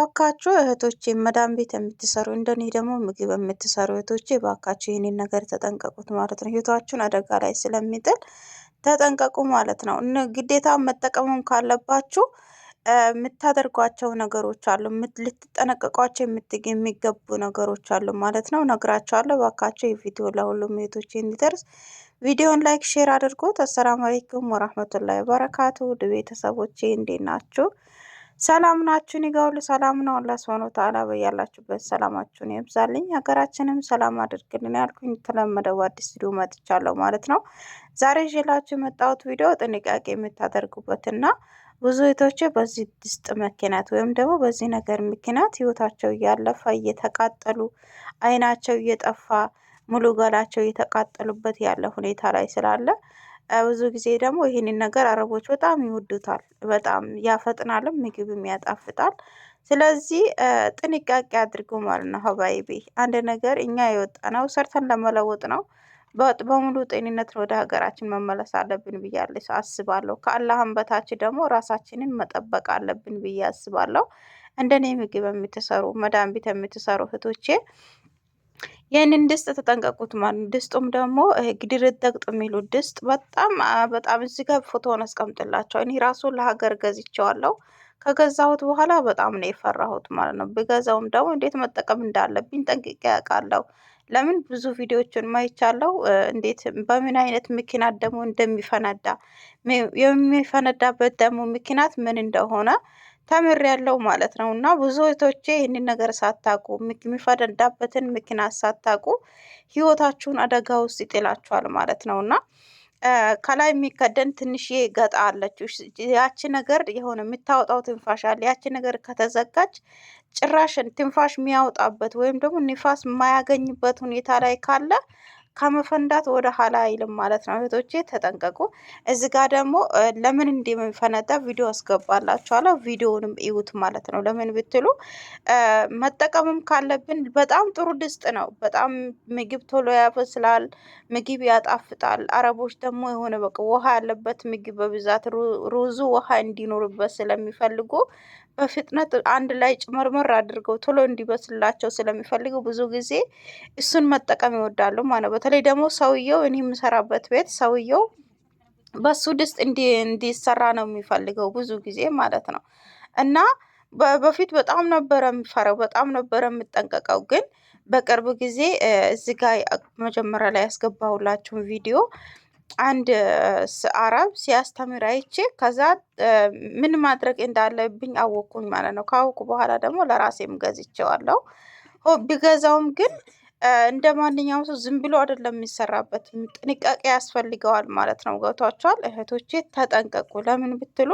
እባካችሁ እህቶቼ መዳን ቤት የምትሰሩ እንደኔ ደግሞ ምግብ የምትሰሩ እህቶቼ እባካችሁ ይህንን ነገር ተጠንቀቁት ማለት ነው። ህይወታችሁን አደጋ ላይ ስለሚጥል ተጠንቀቁ ማለት ነው። ግዴታ መጠቀሙን ካለባችሁ የምታደርጓቸው ነገሮች አሉ፣ ልትጠነቀቋቸው የሚገቡ ነገሮች አሉ ማለት ነው። ነግራችኋለሁ። እባካችሁ ይህ ቪዲዮ ለሁሉም እህቶቼ እንዲደርስ ቪዲዮን ላይክ፣ ሼር አድርጎት። አሰላሙ አለይኩም ወራህመቱላሂ ወበረካቱ ውድ ቤተሰቦቼ እንዴት ናችሁ? ሰላም ናችሁን? ይገውል ሰላም ነው። አላህ ሱብሐነሁ ወተዓላ በያላችሁበት ሰላማችሁን ይብዛልኝ፣ ሀገራችንም ሰላም አድርግልን ያልኩኝ የተለመደው በአዲስ ቪዲዮ መጥቻለሁ ማለት ነው። ዛሬ ይዤላችሁ የመጣሁት ቪዲዮ ጥንቃቄ የምታደርጉበትና ብዙ እህቶቼ በዚህ ድስጥ ምክንያት ወይም ደግሞ በዚህ ነገር ምክንያት ህይወታቸው እያለፈ እየተቃጠሉ አይናቸው እየጠፋ ሙሉ ገላቸው እየተቃጠሉበት ያለ ሁኔታ ላይ ስላለ ብዙ ጊዜ ደግሞ ይህንን ነገር አረቦች በጣም ይወዱታል። በጣም ያፈጥናልም ምግብም ያጣፍጣል። ስለዚህ ጥንቃቄ አድርጉ ማለት ነው ሀባይቢ። አንድ ነገር እኛ የወጣ ነው ሰርተን ለመለወጥ ነው። በወጥ በሙሉ ጤንነት ወደ ሀገራችን መመለስ አለብን ብዬ አስባለሁ። ከአላህም በታች ደግሞ ራሳችንን መጠበቅ አለብን ብዬ አስባለሁ። እንደኔ ምግብ የምትሰሩ መዳም ቤት የምትሰሩ እህቶቼ ይህንን ድስት ተጠንቀቁት ማለት ነው። ድስጡም ደግሞ ግድርደግጥ የሚሉ ድስት በጣም በጣም እዚህ ጋር ፎቶውን አስቀምጥላቸው። እኔ ራሱ ለሀገር ገዝቼዋለሁ። ከገዛሁት በኋላ በጣም ነው የፈራሁት ማለት ነው። ብገዛውም ደግሞ እንዴት መጠቀም እንዳለብኝ ጠንቅቄ ያውቃለሁ። ለምን ብዙ ቪዲዮዎችን ማይቻለው እንዴት በምን አይነት ምክንያት ደግሞ እንደሚፈነዳ የሚፈነዳበት ደግሞ ምክንያት ምን እንደሆነ ተምሬያለሁ ማለት ነው። እና ብዙዎቶቼ ይህንን ነገር ሳታቁ የሚፈነዳበትን ምክንያት ሳታቁ ህይወታችሁን አደጋ ውስጥ ይጥላችኋል ማለት ነው እና ከላይ የሚከደን ትንሽ ገጣ አለችው። ያቺ ነገር የሆነ የምታወጣው ትንፋሽ አለ። ያቺ ነገር ከተዘጋች ጭራሽን ትንፋሽ የሚያወጣበት ወይም ደግሞ ንፋስ የማያገኝበት ሁኔታ ላይ ካለ ከመፈንዳት ወደ ኋላ አይልም ማለት ነው። እህቶቼ ተጠንቀቁ። እዚህ ጋር ደግሞ ለምን እንደሚፈነዳ ቪዲዮ አስገባላችኋለሁ። ቪዲዮውንም እዩት ማለት ነው። ለምን ብትሉ መጠቀምም ካለብን በጣም ጥሩ ድስት ነው። በጣም ምግብ ቶሎ ያበስላል፣ ምግብ ያጣፍጣል። አረቦች ደግሞ የሆነ በቃ ውሃ ያለበት ምግብ በብዛት ሩዙ ውሃ እንዲኖርበት ስለሚፈልጉ በፍጥነት አንድ ላይ ጭመርመር አድርገው ቶሎ እንዲበስላቸው ስለሚፈልጉ ብዙ ጊዜ እሱን መጠቀም ይወዳሉ ማለት ነው። በተለይ ደግሞ ሰውየው እኔ የምሰራበት ቤት ሰውየው በሱ ድስት እንዲሰራ ነው የሚፈልገው ብዙ ጊዜ ማለት ነው። እና በፊት በጣም ነበረ የምፈራው፣ በጣም ነበረ የምጠንቀቀው። ግን በቅርብ ጊዜ እዚህ ጋር መጀመሪያ ላይ ያስገባሁላችሁን ቪዲዮ አንድ አረብ ሲያስተምር አይቼ ከዛ ምን ማድረግ እንዳለብኝ አወቅኩኝ ማለት ነው። ካወቅኩ በኋላ ደግሞ ለራሴም ገዝቼዋለሁ። ቢገዛውም ግን እንደ ማንኛውም ሰው ዝም ብሎ አይደለም የሚሰራበት፣ ጥንቃቄ ያስፈልገዋል ማለት ነው። ገብቷቸዋል። እህቶቼ? ተጠንቀቁ። ለምን ብትሉ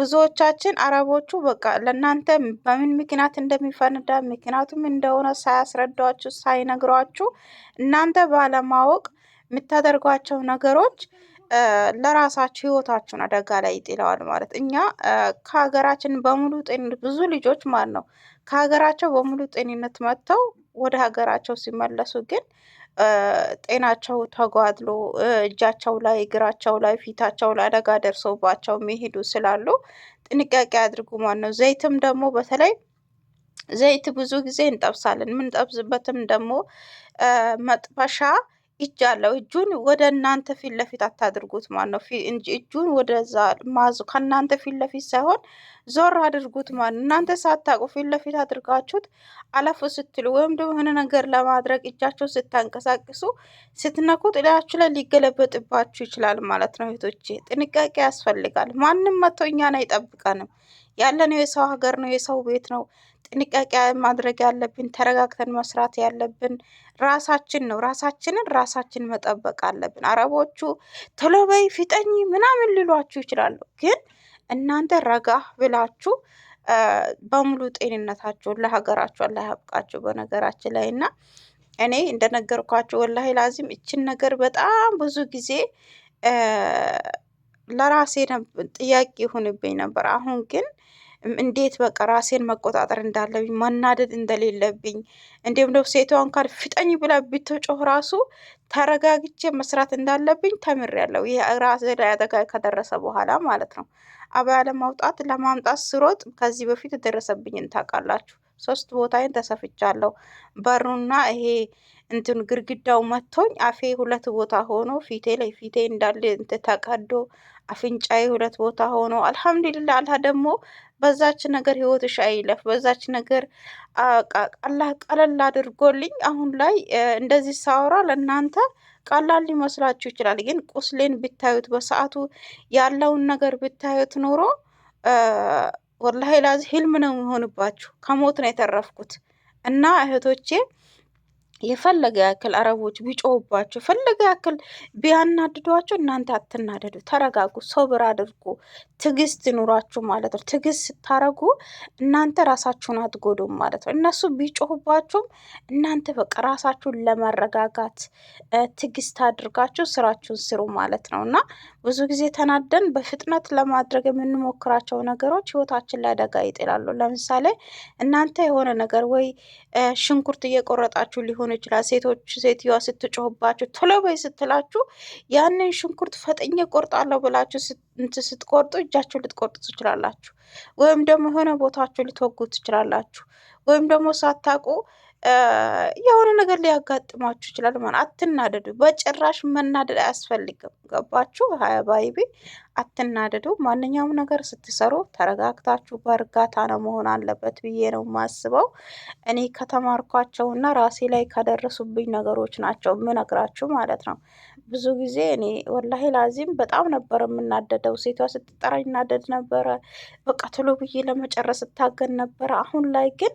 ብዙዎቻችን አረቦቹ በቃ ለእናንተ በምን ምክንያት እንደሚፈነዳ ምክንያቱም እንደሆነ ሳያስረዷችሁ ሳይነግሯችሁ እናንተ ባለማወቅ የምታደርጓቸው ነገሮች ለራሳችሁ ህይወታችሁን አደጋ ላይ ይጥለዋል። ማለት እኛ ከሀገራችን በሙሉ ጤንነት ብዙ ልጆች ማለት ነው ከሀገራቸው በሙሉ ጤንነት መጥተው ወደ ሀገራቸው ሲመለሱ ግን ጤናቸው ተጓድሎ እጃቸው ላይ እግራቸው ላይ ፊታቸው ላይ አደጋ ደርሶባቸው የሚሄዱ ስላሉ ጥንቃቄ አድርጉ ማለት ነው። ዘይትም ደግሞ በተለይ ዘይት ብዙ ጊዜ እንጠብሳለን። የምንጠብስበትም ደግሞ መጥበሻ እጅ አለው። እጁን ወደ እናንተ ፊት ለፊት አታድርጉት ማለት ነው እንጂ እጁን ወደዛ ማዙ ከእናንተ ፊት ለፊት ሳይሆን ዞር አድርጉት ማለት ነው። እናንተ ሳታውቁ ፊት ለፊት አድርጋችሁት አለፍ ስትሉ ወይም ደግሞ የሆነ ነገር ለማድረግ እጃቸው ስታንቀሳቅሱ ስትነኩት እላያችሁ ላይ ሊገለበጥባችሁ ይችላል ማለት ነው። እህቶቼ ጥንቃቄ ያስፈልጋል። ማንም መቶ እኛን አይጠብቀንም። ያለነው የሰው ሀገር ነው፣ የሰው ቤት ነው። ጥንቃቄ ማድረግ ያለብን ተረጋግተን መስራት ያለብን ራሳችን ነው። ራሳችንን ራሳችን መጠበቅ አለብን። አረቦቹ ቶሎ በይ ፊጠኝ ምናምን ሊሏችሁ ይችላሉ። ግን እናንተ ረጋ ብላችሁ በሙሉ ጤንነታችሁን ለሀገራችሁ አላህ ያብቃችሁ። በነገራችን ላይ እና እኔ እንደነገርኳችሁ ወላሂ ላዚም እችን ነገር በጣም ብዙ ጊዜ ለራሴ ጥያቄ ይሁንብኝ ነበር። አሁን ግን እንዴት በቃ ራሴን መቆጣጠር እንዳለብኝ መናደድ እንደሌለብኝ እንዲሁም ደግሞ ሴቷን ካል ፍጠኝ ብላ ብትጮህ ራሱ ተረጋግቼ መስራት እንዳለብኝ ተምሬያለሁ። ይህ ራሴ ላይ አደጋ ከደረሰ በኋላ ማለት ነው። አባያ ለማውጣት ለማምጣት ስሮጥ ከዚህ በፊት የደረሰብኝን ታውቃላችሁ። ሶስት ቦታዬን ተሰፍቻለሁ። በሩና ይሄ እንትን ግርግዳው መቶኝ አፌ ሁለት ቦታ ሆኖ ፊቴ ላይ ፊቴ እንዳለ እንት ተቀዶ አፍንጫዬ ሁለት ቦታ ሆኖ አልሐምዱሊላ። አላህ ደግሞ በዛች ነገር ህይወትሽ አይለፍ፣ በዛች ነገር አላህ ቀለል አድርጎልኝ አሁን ላይ እንደዚህ ሳወራ ለእናንተ ቀላል ሊመስላችሁ ይችላል። ግን ቁስሌን ብታዩት በሰዓቱ ያለውን ነገር ብታዩት ኖሮ ወላሂ ላዚ ህልም ነው የሚሆንባችሁ። ከሞት ነው የተረፍኩት እና እህቶቼ የፈለገ ያክል አረቦች ቢጮሁባቸው የፈለገ ያክል ቢያናድዷቸው እናንተ አትናደዱ፣ ተረጋጉ፣ ሶብር አድርጉ፣ ትግስት ይኑራችሁ ማለት ነው። ትግስት ስታረጉ እናንተ ራሳችሁን አትጎዱም ማለት ነው። እነሱ ቢጮሁባችሁም እናንተ በቃ ራሳችሁን ለመረጋጋት ትግስት አድርጋችሁ ስራችሁን ስሩ ማለት ነው እና ብዙ ጊዜ ተናደን በፍጥነት ለማድረግ የምንሞክራቸው ነገሮች ህይወታችን ላይ አደጋ ይጥላሉ። ለምሳሌ እናንተ የሆነ ነገር ወይ ሽንኩርት እየቆረጣችሁ ሊሆን ሊሆን ይችላል። ሴቶች ሴትዮዋ ስትጮህባችሁ ቶሎ በይ ስትላችሁ ያንን ሽንኩርት ፈጥኜ ቆርጣለሁ ብላችሁ ስትቆርጡ እጃችሁ ልትቆርጡ ትችላላችሁ። ወይም ደግሞ የሆነ ቦታችሁ ልትወጉ ትችላላችሁ። ወይም ደግሞ ሳታውቁ የሆነ ነገር ሊያጋጥማችሁ ይችላል። ማለት አትናደዱ፣ በጭራሽ መናደድ አያስፈልግም። ገባችሁ? ባይቤ አትናደዱ። ማንኛውም ነገር ስትሰሩ ተረጋግታችሁ በእርጋታ ነው መሆን አለበት ብዬ ነው የማስበው። እኔ ከተማርኳቸውና ራሴ ላይ ከደረሱብኝ ነገሮች ናቸው የምነግራችሁ ማለት ነው። ብዙ ጊዜ እኔ ወላሂ ላዚም በጣም ነበር የምናደደው። ሴቷ ስትጠራ ይናደድ ነበረ። በቃ ቶሎ ብዬ ለመጨረስ እታገል ነበረ። አሁን ላይ ግን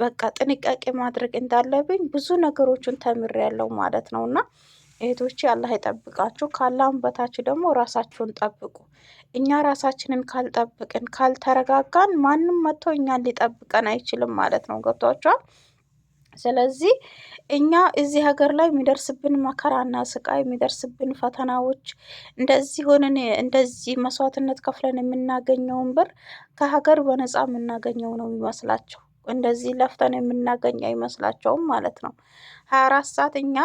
በቃ ጥንቃቄ ማድረግ እንዳለብኝ ብዙ ነገሮችን ተምሬያለሁ ማለት ነው እና እህቶቼ አላህ ይጠብቃችሁ። ካላም በታች ደግሞ ራሳችሁን ጠብቁ። እኛ ራሳችንን ካልጠብቅን ካልተረጋጋን፣ ማንም መጥቶ እኛን ሊጠብቀን አይችልም ማለት ነው። ገብቷችኋል? ስለዚህ እኛ እዚህ ሀገር ላይ የሚደርስብን መከራና ስቃይ የሚደርስብን ፈተናዎች እንደዚህ ሆነን እንደዚህ መስዋዕትነት ከፍለን የምናገኘውን ብር ከሀገር በነፃ የምናገኘው ነው የሚመስላቸው እንደዚህ ለፍተን የምናገኝ አይመስላቸውም ማለት ነው። ሀያ አራት ሰዓት እኛ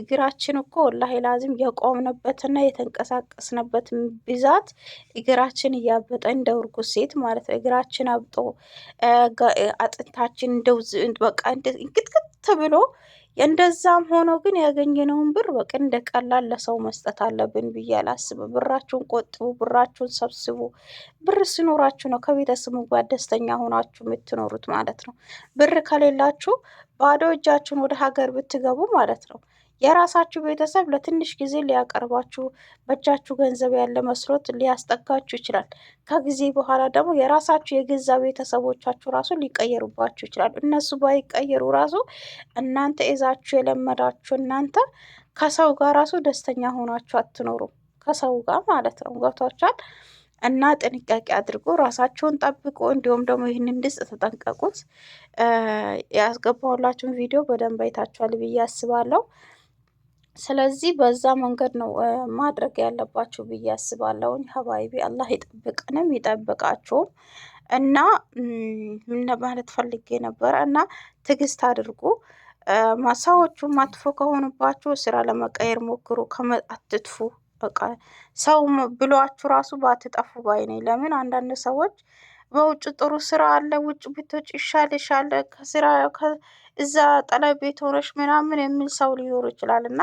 እግራችን እኮ ወላሂ ላዚም የቆምንበትና የተንቀሳቀስንበት ብዛት እግራችን እያበጠ እንደ እርጉዝ ሴት ማለት ነው። እግራችን አብጦ አጥንታችን እንደው በቃ ብሎ እንደዛም ሆኖ ግን ያገኘነውን ብር በቃ እንደ ቀላል ለሰው መስጠት አለብን ብዬ አላስብም። ብራችሁን ቆጥቡ፣ ብራችሁን ሰብስቡ። ብር ሲኖራችሁ ነው ከቤተሰብ ጋር ደስተኛ ሆናችሁ የምትኖሩት ማለት ነው። ብር ከሌላችሁ ባዶ እጃችሁን ወደ ሀገር ብትገቡ ማለት ነው የራሳችሁ ቤተሰብ ለትንሽ ጊዜ ሊያቀርባችሁ በእጃችሁ ገንዘብ ያለ መስሎት ሊያስጠጋችሁ ይችላል። ከጊዜ በኋላ ደግሞ የራሳችሁ የገዛ ቤተሰቦቻችሁ ራሱ ሊቀየሩባችሁ ይችላሉ። እነሱ ባይቀየሩ ራሱ እናንተ ይዛችሁ የለመዳችሁ እናንተ ከሰው ጋር ራሱ ደስተኛ ሆናችሁ አትኖሩም። ከሰው ጋር ማለት ነው። ገብቷችኋል? እና ጥንቃቄ አድርጎ ራሳቸውን ጠብቆ እንዲሁም ደግሞ ይህንን ድስት ተጠንቀቁት። ያስገባሁላችሁን ቪዲዮ በደንብ አይታችኋል ብዬ አስባለሁ። ስለዚህ በዛ መንገድ ነው ማድረግ ያለባችሁ ብዬ አስባለሁኝ። ሀባይቢ አላህ ይጠብቅንም ይጠብቃችሁም። እና ምን ማለት ፈልጌ ነበረ እና ትዕግስት አድርጉ። ማሳዎቹ መጥፎ ከሆኑባችሁ ስራ ለመቀየር ሞክሩ፣ አትጥፉ። በቃ ሰው ብሏችሁ ራሱ ባትጠፉ ባይ ነኝ። ለምን አንዳንድ ሰዎች በውጭ ጥሩ ስራ አለ ውጭ ብትወጪ ይሻልሻል ከስራ እዛ ጠለቤት ሆነሽ ምናምን የሚል ሰው ሊኖር ይችላል እና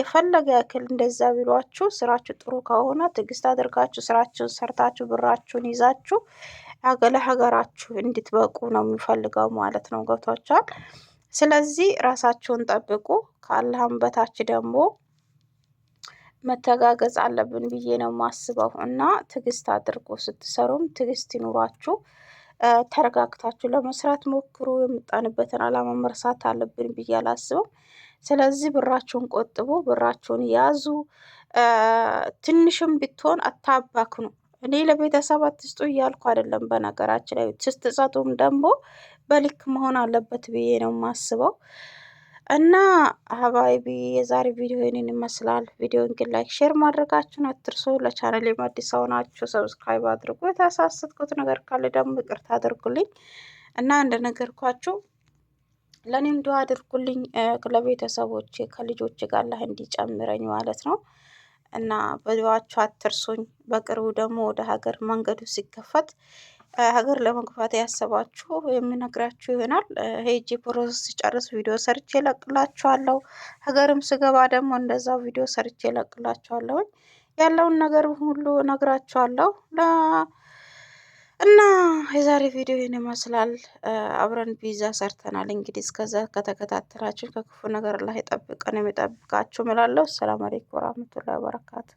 የፈለገ ያክል እንደዛ ቢሏችሁ ስራችሁ ጥሩ ከሆነ ትዕግስት አድርጋችሁ ስራችሁን ሰርታችሁ ብራችሁን ይዛችሁ ለሀገራችሁ እንድትበቁ ነው የሚፈልገው ማለት ነው። ገብቷችኋል? ስለዚህ ራሳችሁን ጠብቁ። ከአላህም በታች ደግሞ መተጋገዝ አለብን ብዬ ነው ማስበው እና ትዕግስት አድርጎ ስትሰሩም ትዕግስት ይኑሯችሁ። ተረጋግታችሁ ለመስራት ሞክሩ። የምጣንበትን አላማ መርሳት አለብን ብዬ አላስብም። ስለዚህ ብራችሁን ቆጥቡ፣ ብራችሁን ያዙ። ትንሽም ብትሆን አታባክኑ። እኔ ለቤተሰብ አትስጡ እያልኩ አይደለም። በነገራችን ላይ ስትሰጡም ደግሞ በልክ መሆን አለበት ብዬ ነው የማስበው። እና ሀባይቢ የዛሬ ቪዲዮ ይህንን ይመስላል። ቪዲዮን ግን ላይክ፣ ሼር ማድረጋችሁን አትርሱ። ለቻናል የማዲስ ሰው ሰብስክራይብ አድርጉ። የተሳሳትኩት ነገር ካለ ደግሞ ይቅርታ አድርጉልኝ እና እንደነገርኳችሁ ለእኔም ዱዓ አድርጉልኝ ለቤተሰቦች ከልጆች ጋር ላህ እንዲጨምረኝ ማለት ነው። እና በዱዓችሁ አትርሱኝ። በቅርቡ ደግሞ ወደ ሀገር መንገዱ ሲከፈት ሀገር ለመግባት ያሰባችሁ የምነግራችሁ ይሆናል። ሄጂ ፕሮሰስ ሲጨርስ ቪዲዮ ሰርቼ እለቅላችኋለሁ። ሀገርም ስገባ ደግሞ እንደዛው ቪዲዮ ሰርቼ እለቅላችኋለሁኝ። ያለውን ነገር ሁሉ እነግራችኋለሁ። እና የዛሬ ቪዲዮ ይህን ይመስላል። አብረን ፒዛ ሰርተናል። እንግዲህ እስከዛ ከተከታተላችሁ ከክፉ ነገር ላይ ጠብቀን የሚጠብቃችሁ እላለሁ። ሰላም አለይኩም ወራህመቱላሂ ወበረካቱ